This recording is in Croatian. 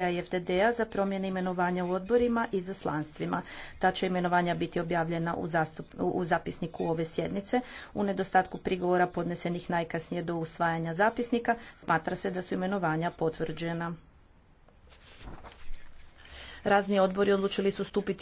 i za promjene imenovanja u odborima i zaslanstvima. Ta će imenovanja biti objavljena u, u zapisniku ove sjednice. U nedostatku prigovora podnesenih najkasnije do usvajanja zapisnika smatra se da su imenovanja potvrđena. Razni odbori odlučili su stupiti